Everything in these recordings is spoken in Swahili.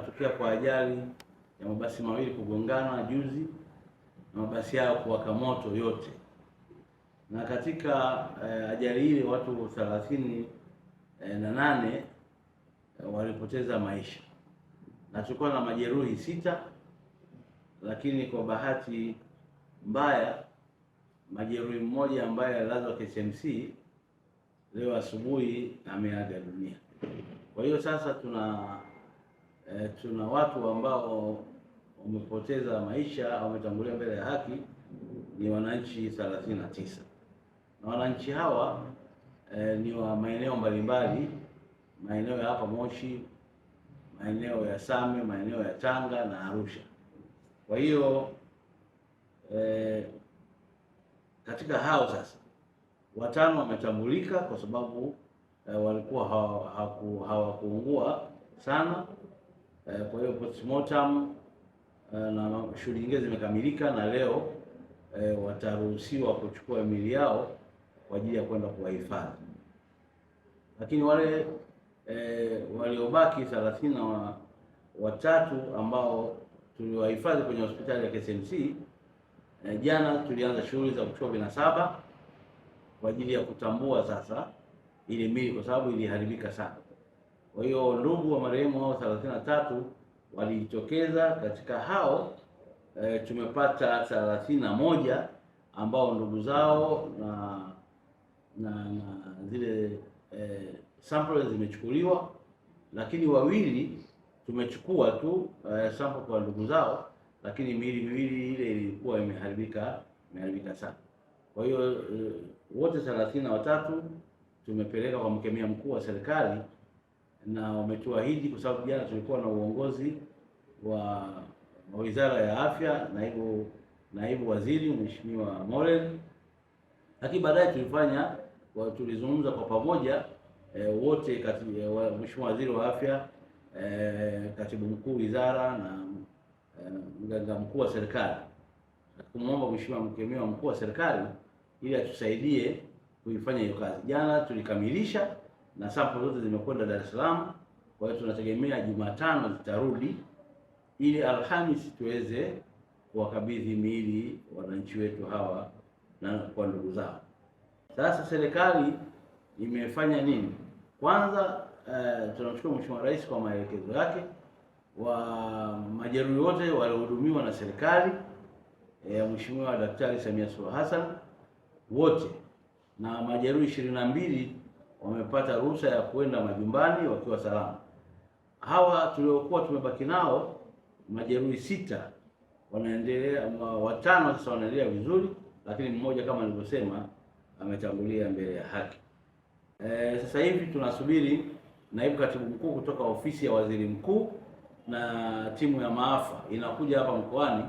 kutokea kwa ajali ya mabasi mawili kugongana juzi na mabasi hayo kuwaka moto yote, na katika eh, ajali ile watu thelathini eh, na nane eh, walipoteza maisha na tulikuwa na majeruhi sita, lakini kwa bahati mbaya majeruhi mmoja ambaye alilazwa KCMC leo asubuhi ameaga dunia. Kwa hiyo sasa tuna e, tuna watu ambao wamepoteza maisha au wametangulia mbele ya haki ni wananchi 39 na wananchi hawa e, ni wa maeneo mbalimbali, maeneo ya hapa Moshi, maeneo ya Same, maeneo ya Tanga na Arusha. Kwa hiyo e, katika hao sasa watano wametambulika kwa sababu e, walikuwa hawakuungua hawa sana Eh, kwa hiyo postmortem eh, na shughuli nyingine zimekamilika na leo e, wataruhusiwa kuchukua miili yao kwa ajili ya kwenda kuwahifadhi. Lakini wale e, waliobaki thelathini na watatu ambao tuliwahifadhi kwenye hospitali ya KCMC e, jana tulianza shughuli za kuchukua vinasaba kwa ajili ya kutambua sasa ile miili kwa sababu iliharibika sana. Kwa hiyo ndugu wa marehemu hao 33 na tatu walijitokeza katika hao e, tumepata thelathini na moja ambao ndugu zao na na, na zile e, sample zimechukuliwa, lakini wawili tumechukua tu e, sample kwa ndugu zao, lakini miili miwili ile ilikuwa imeharibika imeharibika sana. Kwa hiyo e, wote thelathini na watatu tumepeleka kwa mkemia mkuu wa serikali na wametuahidi kwa sababu jana tulikuwa na uongozi wa wizara ya afya, naibu naibu waziri Mheshimiwa Morel, lakini baadaye tulifanya tulizungumza kwa pamoja e, wote kati e, Mheshimiwa waziri wa afya e, katibu mkuu wizara na e, mganga mkuu wa serikali kumwomba Mheshimiwa mkemia mkuu wa serikali ili atusaidie kuifanya hiyo kazi. Jana tulikamilisha na safu zote zimekwenda Dar es Salaam. Kwa hiyo tunategemea Jumatano zitarudi ili Alhamisi tuweze kuwakabidhi miili wananchi wetu hawa na kwa ndugu zao. Sasa serikali imefanya nini? Kwanza uh, tunamshukuru Mheshimiwa Rais kwa maelekezo yake wa majeruhi wote waliohudumiwa na serikali eh, ya eh, Mheshimiwa Daktari Samia Suluhu Hassan wote na majeruhi ishirini na mbili wamepata ruhusa ya kuenda majumbani wakiwa salama. Hawa tuliokuwa tumebaki nao majeruhi sita wanaendelea, watano sasa wanaendelea vizuri, lakini mmoja kama nilivyosema ametangulia mbele ya haki. E, sasa hivi tunasubiri naibu katibu mkuu kutoka ofisi ya waziri mkuu na timu ya maafa inakuja hapa mkoani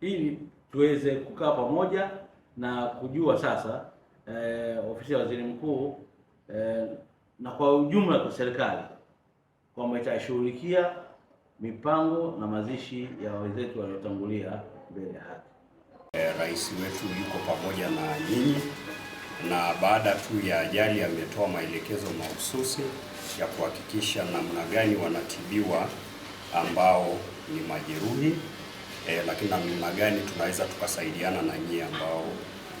ili tuweze kukaa pamoja na kujua sasa, e, ofisi ya waziri mkuu Eh, na kwa ujumla kwa serikali kwamba itashughulikia mipango na mazishi ya wenzetu waliotangulia mbele ya haki. Eh, rais wetu yuko pamoja na nyinyi na baada tu ya ajali ametoa maelekezo mahususi ya kuhakikisha namna gani wanatibiwa ambao ni majeruhi eh, lakini namna gani tunaweza tukasaidiana na nyie ambao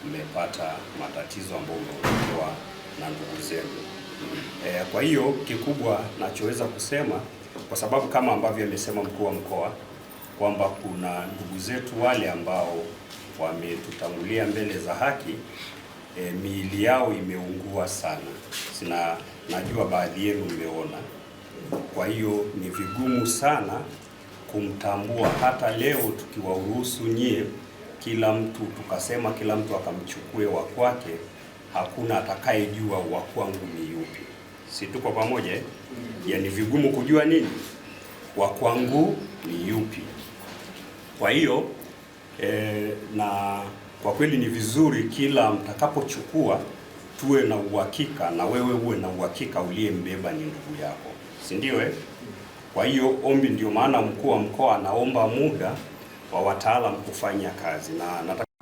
mmepata matatizo ambayo mmeondokewa na ndugu zenu. E, kwa hiyo kikubwa nachoweza kusema kwa sababu kama ambavyo amesema mkuu wa mkoa kwamba kuna ndugu zetu wale ambao wametutangulia mbele za haki e, miili yao imeungua sana. Sina, najua baadhi yenu mmeona. Kwa hiyo ni vigumu sana kumtambua hata leo tukiwaruhusu nyie kila mtu tukasema, kila mtu akamchukue wa kwake, hakuna atakayejua wa kwangu ni yupi. Si tuko pamoja? Yani vigumu kujua nini wa kwangu ni yupi. Kwa hiyo e, na kwa kweli ni vizuri kila mtakapochukua tuwe na uhakika na wewe uwe na uhakika uliyembeba ni ndugu yako, si ndio? Eh? Kwa hiyo ombi, ndio maana mkuu wa mkoa anaomba muda wa wataalam kufanya kazi na nataka